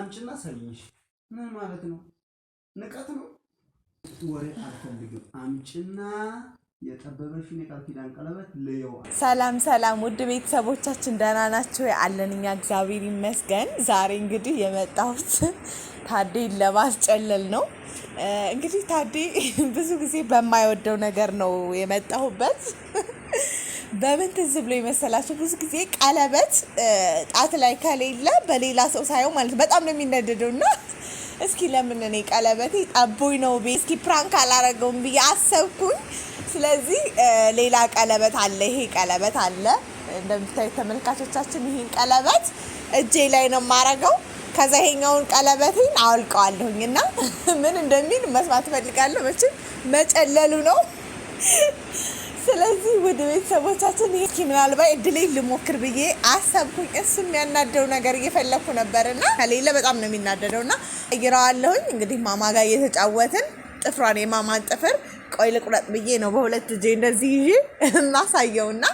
አምጭና ሳይኝሽ ምን ማለት ነው? ንቀት ነው። ወሬ አልፈልግም። አምጭና የጠበበሽን የቃል ኪዳን ቀለበት ልየው። ሰላም ሰላም፣ ውድ ቤተሰቦቻችን ደህና ናቸው አለን። እኛ እግዚአብሔር ይመስገን። ዛሬ እንግዲህ የመጣሁት ታዴን ለማስጨለል ነው። እንግዲህ ታዴ ብዙ ጊዜ በማይወደው ነገር ነው የመጣሁበት በምን ትዝ ብሎ የመሰላቸው ብዙ ጊዜ ቀለበት ጣት ላይ ከሌለ በሌላ ሰው ሳየው ማለት በጣም ነው የሚነደደው እና እስኪ ለምን እኔ ቀለበቴ ጠቦኝ ነው ቤ እስኪ ፕራንክ አላረገውም ብዬ አሰብኩኝ። ስለዚህ ሌላ ቀለበት አለ፣ ይሄ ቀለበት አለ። እንደምታዩት ተመልካቾቻችን ይህን ቀለበት እጄ ላይ ነው የማረገው። ከዛ ይሄኛውን ቀለበቴን አወልቀዋለሁኝ እና ምን እንደሚል መስማት እፈልጋለሁ። መቼም መጨለሉ ነው ስለዚህ ወደ ቤተሰቦቻችን ይሄ ምናልባት እድሌ ልሞክር ብዬ አሰብኩኝ። እሱ የሚያናደው ነገር እየፈለኩ ነበር እና ከሌለ በጣም ነው የሚናደደው እና እየራዋለሁኝ እንግዲህ ማማ ጋር እየተጫወትን ጥፍሯን የማማን ጥፍር ቆይ ልቁረጥ ብዬ ነው በሁለት እጄ እንደዚህ ይዤ እናሳየው እና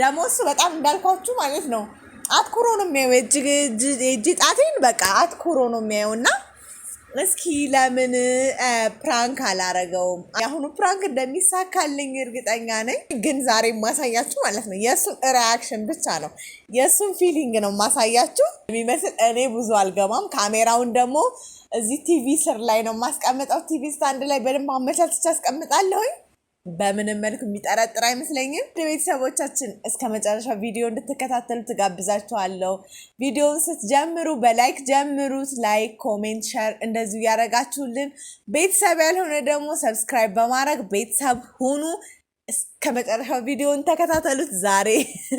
ደግሞ እሱ በጣም እንዳልኳችሁ ማለት ነው አትኩሮ ነው የሚያየው የእጅ ጣቴን በቃ አትኩሮ ነው የሚያየው እና እስኪ ለምን ፕራንክ አላረገውም? አሁኑ ፕራንክ እንደሚሳካልኝ እርግጠኛ ነኝ፣ ግን ዛሬ ማሳያችሁ ማለት ነው የእሱን ሪያክሽን ብቻ ነው የእሱን ፊሊንግ ነው ማሳያችሁ የሚመስል እኔ ብዙ አልገባም። ካሜራውን ደግሞ እዚህ ቲቪ ስር ላይ ነው ማስቀምጠው። ቲቪ ስታንድ ላይ በደንብ አመቻችቼ አስቀምጣለሁኝ። በምንም መልኩ የሚጠረጥር አይመስለኝም። ቤተሰቦቻችን እስከ መጨረሻ ቪዲዮ እንድትከታተሉ ትጋብዛችኋለሁ። ቪዲዮውን ስትጀምሩ በላይክ ጀምሩት። ላይክ፣ ኮሜንት፣ ሸር እንደዚሁ እያደረጋችሁልን ቤተሰብ ያልሆነ ደግሞ ሰብስክራይብ በማድረግ ቤተሰብ ሁኑ። እስከ መጨረሻው ቪዲዮን ተከታተሉት። ዛሬ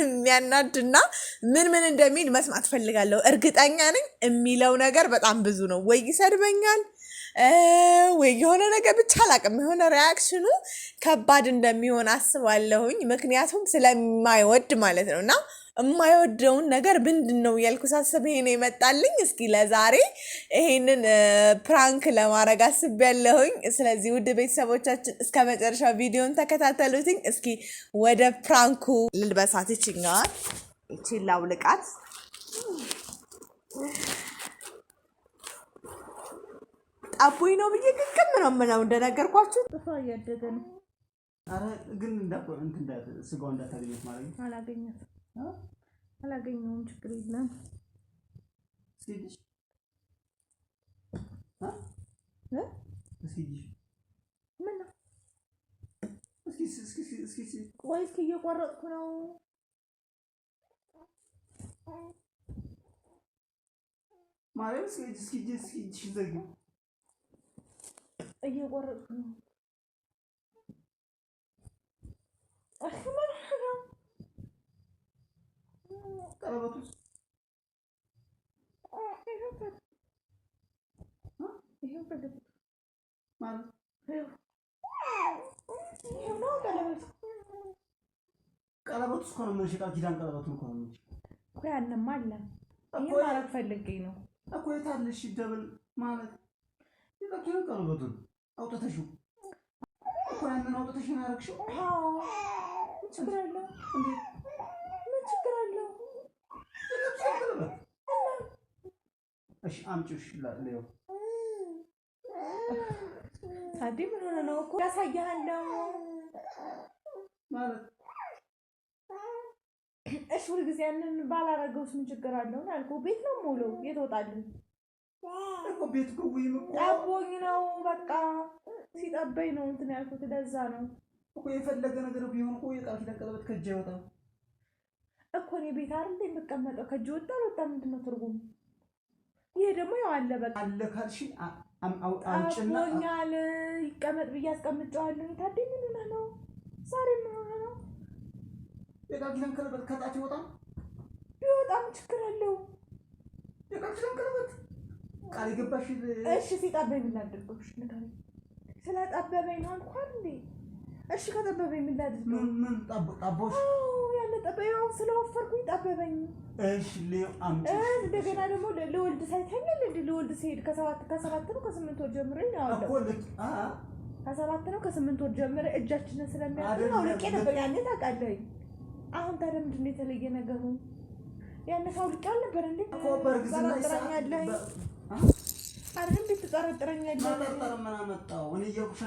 የሚያናድና ምን ምን እንደሚል መስማት ፈልጋለሁ። እርግጠኛ ነኝ የሚለው ነገር በጣም ብዙ ነው። ወይ ይሰድበኛል ወይ የሆነ ነገር ብቻ አላቅም፣ የሆነ ሪያክሽኑ ከባድ እንደሚሆን አስባለሁኝ። ምክንያቱም ስለማይወድ ማለት ነው እና የማይወደውን ነገር ምንድን ነው እያልኩ ሳስብ ይሄ ነው እስኪ ለዛሬ ይሄንን ፕራንክ ለማድረግ አስቤያለሁኝ። ስለዚህ ውድ ቤተሰቦቻችን እስከ መጨረሻ ቪዲዮን ተከታተሉትኝ። እስኪ ወደ ፕራንኩ ልልበሳት። ይችኛዋል፣ ይቺን ላውልቃት አቦይ ነው ብዬ ግግም ነው ምለው እንደነገርኳችሁ ጥፋ እያደገ ነው። አረ ግን ስጋው እንዳታገኘት ማለት ነው። አላገኘሁትም አላገኘሁም። ችግር የለም ቆይ እስኪ እየቆረጥኩ ነው። ማርያም እስኪ እጅ እስኪ እጅ እስኪ እጅ ዘጊው እየቆረጥኩ ነው። ቀለበቱ እስኮ ነው የምንሸጠው። ኪዳን ቀለበቱ እኮ ነው እኮ ያንም አለ። ይሄ ማለት ፈልጌ ነው እኮ የታለሽ ደብል ማለት ይበቃ ቀለበቱን አውጥተሽ ነው እኮ አለው? ምን ችግር ታዲ ምን ሆነ ነው እኮ ያሳያለው ማለት እሺ፣ ሁልጊዜ ያንን ባላረገውስ ምን ችግር አለው? አልኩህ ቤት ነው የምውለው። የት እወጣለሁ ቤቱ ግውይም ጠቦኝ ነው በቃ ሲጠበኝ ነው እንትን ያልኩት ለዛ ነው እኮ የፈለገ ነገር ቢሆን እኮ የቃል ኪዳን ቀለበት ከእጅ አይወጣም እኮ እኔ ቤት አይደል የምቀመጠው ከእጅ ወጣ ምንድን ነው ይሄ ደግሞ ያው አለ በቃ አለ ካልሽ አውጣጭናኛል ይቀመጥ ብዬ አስቀምጨዋለሁ ምን ሆነህ ነው ዛሬ ምን ሆነህ ነው የቃል ኪዳን ቀለበት ከጣት ይወጣል ቢወጣም ችግር አለው የቃል ኪዳን ቀለበት ቃል የገባሽ እሺ፣ ሲጠበኝ ምን ላድርገው? እሺ ንገረኝ። ስለጠበበኝ ነው እንኳን እንዴ። እሺ ከጠበበኝ ምን ላድርገው? ምን ጠቦሽ? ያለ ጠበኝ ስለወፈርኩኝ ጠበበኝ። እሺ ሌው አምጪ። እንደገና ደግሞ ለወልድ ሳይተኛል እንዲ ለወልድ ሲሄድ ከሰባት ከሰባት ነው ከስምንት ወር ጀምሬ ያለው ከሰባት ነው ከስምንት ወር ጀምሬ እጃችንን ስለሚያውቅ ነው ልቄ ነበር ያኔ። ታውቃለህ። አሁን ታዲያ ምንድን ነው የተለየ ነገሩ? ያነሳው ልቄ አልነበር እንዴ? በእርግዝና ይሳ አይደል ትጠረጥረኛለህ? መጠርጠር ምን አመጣው? እኔ እያልኩሽ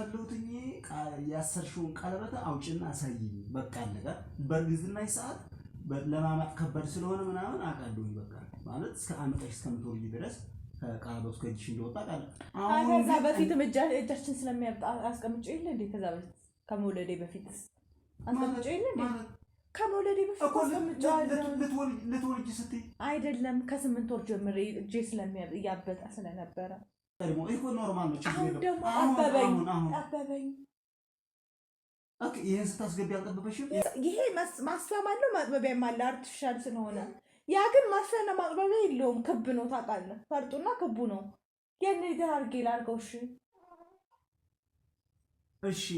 ያሰርሽውን ቀለበት አውጭና አሳይኝ። በቃ ነገር በእርግዝና ሰዓት ለማማጥ ከባድ ስለሆነ ምናምን አውቃለሁኝ። በቃ ማለት እስከ አምጠሽ እስከምትወልጂ ድረስ ቀለበቱ ከእጅሽ እንደወጣ አውቃለሁ። ከዛ በፊት እጃችን ስለሚያብጣ አስቀምጬ የለ እንዴ? ከዛ በፊት ከመውለዴ በፊት አስቀምጬ የለ እንዴ? ከመውለዴ ልትወልጅ ስትይ አይደለም ከስምንት ወር ጀምሬ እጄ ስለሚያበጣ ስለነበረ ኖርማል ይህን ስታስገቢ አልጠበበሽም። ይሄ ማስፋም አለው ማጥበቢያም አለ አርቲፊሻል ስለሆነ ያ ግን ማስፈና ማጥበቢያ የለውም። ክብ ነው ታውቃለህ፣ ፈርጡና ክቡ ነው። ያን ነገር አድርጌ ላድርገው። እሺ እሺ፣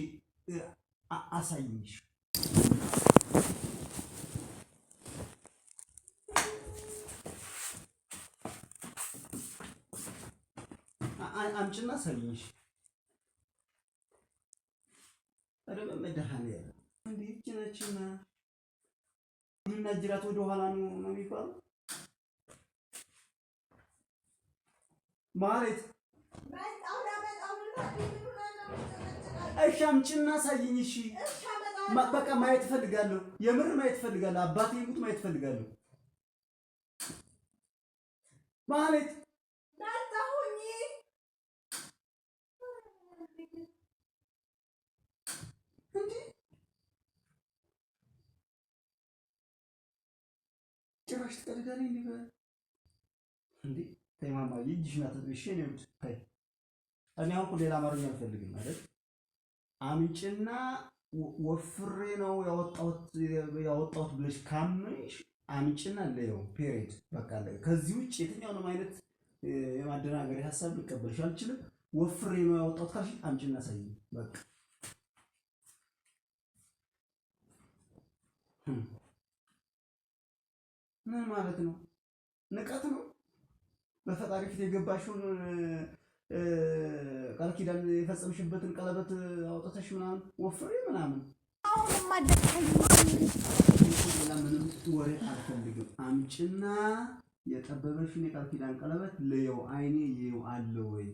አሳይሽ አምጭና ሰሚኝ ረበ መድኃኒዓለም እንዴት ነችና ወደኋላ ነው ነው የሚባለው ማለት እሺ አምጪና ሳይኝ። እሺ በቃ ማየት እፈልጋለሁ፣ የምር ማየት እፈልጋለሁ። አባቴ ይሙት ማየት እፈልጋለሁ ማለት ጭራሽ ትቀልጋለህ እንዴ? እንዴ ተይ ማማዬ፣ እጅሽን አትጥብሽ። እኔ ውድ ተይ። እኔ አሁን እኮ ሌላ አማርኛ አልፈልግም ማለት አምጭና ወፍሬ ነው ያወጣሁት ብለሽ ካመንሽ አምጪና ለየው። ፔሬድ በቃ አለ። ከዚህ ውጭ የትኛውንም አይነት የማደናገሪያ ሀሳብ ልቀበልሽ አልችልም። ወፍሬ ነው ያወጣሁት ካልሽ አምጭና ሳይ በቃ ምን ማለት ነው? ንቀት ነው። በፈጣሪ ፊት የገባሽውን ቃል ኪዳን የፈጸምሽበትን ቀለበት አውጥተሽ ምናምን ወፍሬ ምናምን ምንም ወሬ አልፈልግም። አምጭና የጠበበሽን የቃል ኪዳን ቀለበት ለየው አይኔ የው አለ ወይ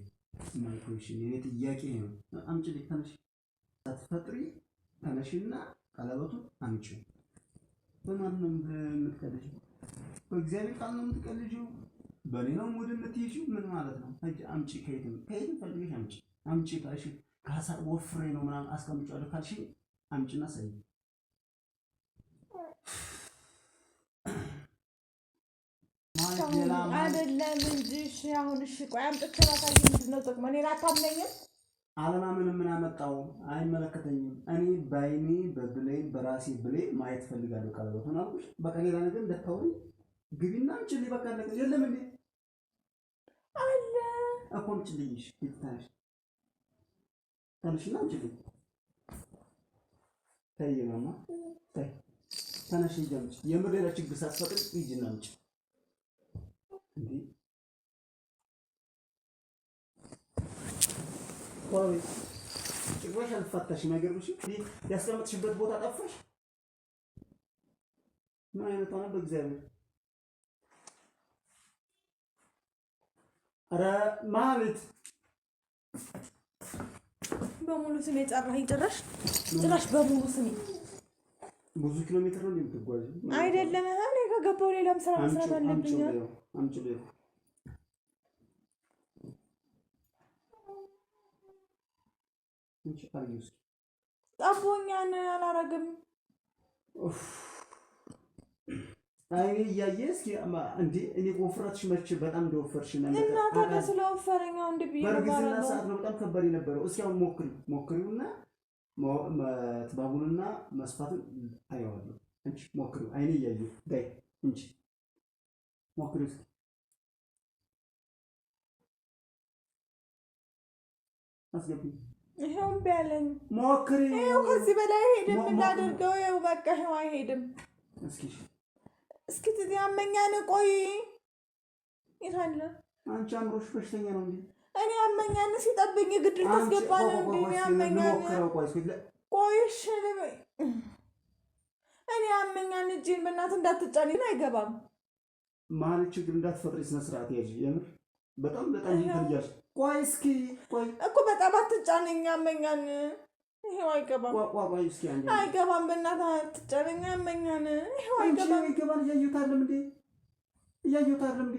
ማይኮሽን የኔ ጥያቄ ነው። አምጭ ልጅ ተነሽ፣ ሳትፈጥሪ ተነሽና ቀለበቱን አምጭ። በማንም የምትቀደሽ በእግዚአብሔር ቃል ነው የምትቀልጂው፣ በእኔ ነው ሙድ የምትይዥው። ምን ማለት ነው? እጅ አምጪ፣ ከየትም ከየትም ፈልገሽ አምጪ። አምጪ ካልሽ ከሀሳብ ወፍሬ ነው ምናምን አስቀምጫለሁ ካልሽ አምጪና ሰይ አይደለም እንጂ። አሁን እሺ፣ ቆይ አምጥቼ ራሳዬ ምንድን ነው ጥቅሙ? እኔን አታምነኝም አለማመን ምን አመጣው? አይመለከተኝም። እኔ በአይኔ በብሌን በራሴ ብሌን ማየት ፈልጋለሁ። ቀለበት ሆነ አልኩሽ። በቃ ሌላ ነገር እንደታወሪ ግቢና ችል በቃ ነገር የለም እንዴ አለ አቆም ችልሽ ይታሽ ተነሽና ችል ተይ ማማ ተይ ተነሽ ጀምጭ የምሬላ ችግር ሳትፈቅድ ይጅናምጭ እንዴ ጭራሽ አልፋታሽ ነገር ብሽ ቦታ ጠፋሽ። ምን አይነት ሆነ? በእግዚአብሔር ኧረ ማለት በሙሉ ስሜ ጨራኸኝ። ጭራሽ ጭራሽ በሙሉ ስሜ ብዙ ኪሎ ሜትር ነው የምትጓዥ አይደለም። እኔ ከገባሁ ሌላም ስራ መስራት አለብኝ። ጠቦኛን አላረግም። አይኔ እያየ እስኪ እንዴ እኔ ወፍራትሽ መች በጣም እንደወፈርሽ ነው። እና ታዲያ ስለወፈረኝ አሁን እንደ ብዬሽ ነው። በእርግዝና ሰዓት ነው በጣም ከባድ የነበረው። እስኪ አሁን ሞክሪ ሞክሪውና መትባቡንና መስፋትን አየዋለሁ። እንቺ ሞክሪው፣ አይኔ እያየ ዳይ እንቺ ሞክሪው እስኪ አስገቢኝ ይሄው እምቢ አለኝ። ሞክሪ። ይሄው ከዚህ በላይ አይሄድም። እናደርገው ይሄው በቃ ይሄው አይሄድም። እስኪ ትዝ ያመኛን ቆይ ይላል። አንቺ አምሮሽ በሽተኛ ነው እንዴ? እኔ ያመኛን ሲጠብኝ ግድል ታስገባ ነው እንዴ? እኔ ያመኛን ቆይ እሺ ልበይ። እኔ ያመኛን እጄን በእናት እንዳትጫን አይገባም። መሀል ችግር እንዳትፈጥሪ ስነ ያዥ። የምር በጣም በጣም ይፈልጋል ቆይ እስኪ እኮ በጣም አትጫነኝ፣ ያመኛን። ይሄው አይገባም። አይገባም። በእናትህ አትጫነኝ፣ ያመኛን። ይሄው አይገባም። ይገባል። እያየሁት አይደለም እንዴ? እያየሁት አይደለም እንዴ?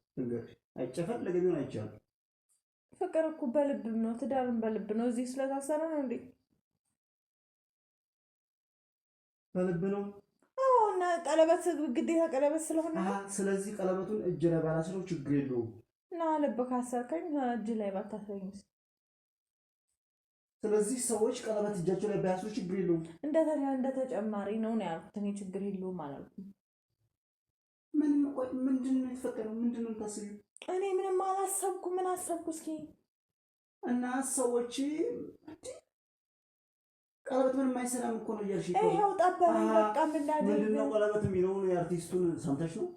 አይጨፈለገ ቢሆን አይቻልም። ፍቅር እኮ በልብም ነው፣ ትዳርም በልብ ነው። እዚህ ስለታሰረ ነው እንዴ? በልብ ነው። አዎ። እና ቀለበት ግዴታ ቀለበት ስለሆነ ስለዚህ ቀለበቱን እጅ ላይ ባላስረው ችግር የለውም። እና ልብ ካሰርከኝ እጅ ላይ ባታሰኝ። ስለዚህ ሰዎች ቀለበት እጃቸው ላይ ባያስሩ ችግር የለውም። እንደ ተጨማሪ ነው ነው ያልኩት እኔ ችግር የለውም አላልኩም። ምንም ቆይ፣ ምንድን ነው የተፈጠረው? ምንድን ነው ታስቢ? እኔ ምንም አላሰብኩ። ምን አሰብኩ? እስኪ እና ሰዎች ቀለበት ምንም አይሰራም እኮ ነው እያልሽ ይኸው ጠበበኝ። በቃ ምንድን ነው ቀለበት የሚለውን የአርቲስቱን ሰምተሽ ነው?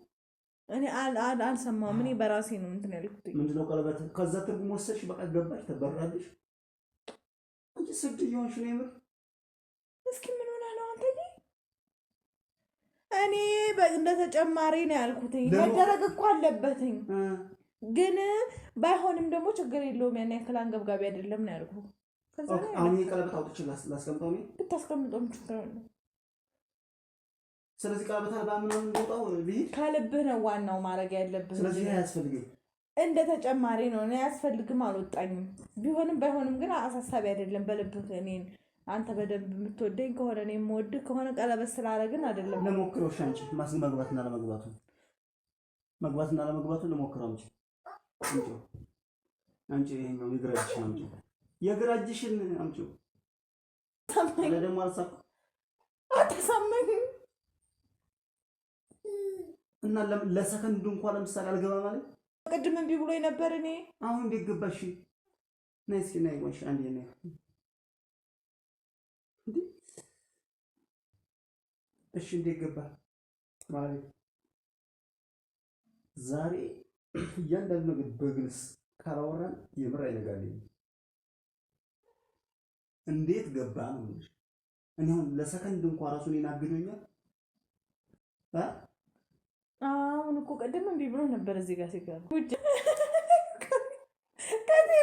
እኔ አልሰማም። እኔ በራሴ ነው እንትን ያልኩት። ምንድን ነው ቀለበት? ከዛ ትርጉም ወሰድሽ። በቃ ገባሽ፣ ተበራለሽ። ስድ እየሆንሽ ነው የምር እኔ እንደ ተጨማሪ ነው ያልኩትኝ። መደረግ እኮ አለበትኝ ግን ባይሆንም ደግሞ ችግር የለውም ያን ያክል አንገብጋቢ አይደለም ነው ያልኩ። አሁን ቀለበት አውጥቼ ላስቀምጠው ብታስቀምጠውም ችግር አለ። ስለዚህ ቀለበት አልባ ምናምን ወጣው ከልብህ ነው ዋናው ማድረግ ያለብህ። ስለዚህ አያስፈልግም እንደ ተጨማሪ ነው። እኔ አያስፈልግም አልወጣኝም። ቢሆንም ባይሆንም ግን አሳሳቢ አይደለም በልብህ እኔን አንተ በደንብ የምትወደኝ ከሆነ እኔ የምወድ ከሆነ ቀለበት ስላደረግን አይደለም። ለሞክረው እሺ፣ አንቺ መግባትና ለመግባቱ መግባትና ለመግባቱ ለሞክረው አንቺ አንቺ ይሄኛው የግራ እጅሽን አምጪ፣ የግራ እጅሽን አምጪ። ደግሞ አልተሳመኝም እና ለሰከንዱ እንኳን ለምሳሌ አልገባ ማለት ቅድም እምቢ ብሎኝ ነበር። እኔ አሁን እንዴት ገባሽ? ነይ እስኪ ነይ፣ አንዴ ነይ እሺ እንዴት ገባ ማለት ዛሬ እያንዳንዱ ነገር በግልጽ ካላወራን የምር አይነጋልኝ። እንዴት ገባ ነው እኔ አሁን ለሰከንድ እንኳን ራሱን ይናግዶኛል። አሁን እኮ ቀደም እንዴ ብሎ ነበር እዚህ ጋር ሲገባ ጉድ ከዚህ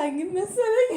ላይ መሰለኝ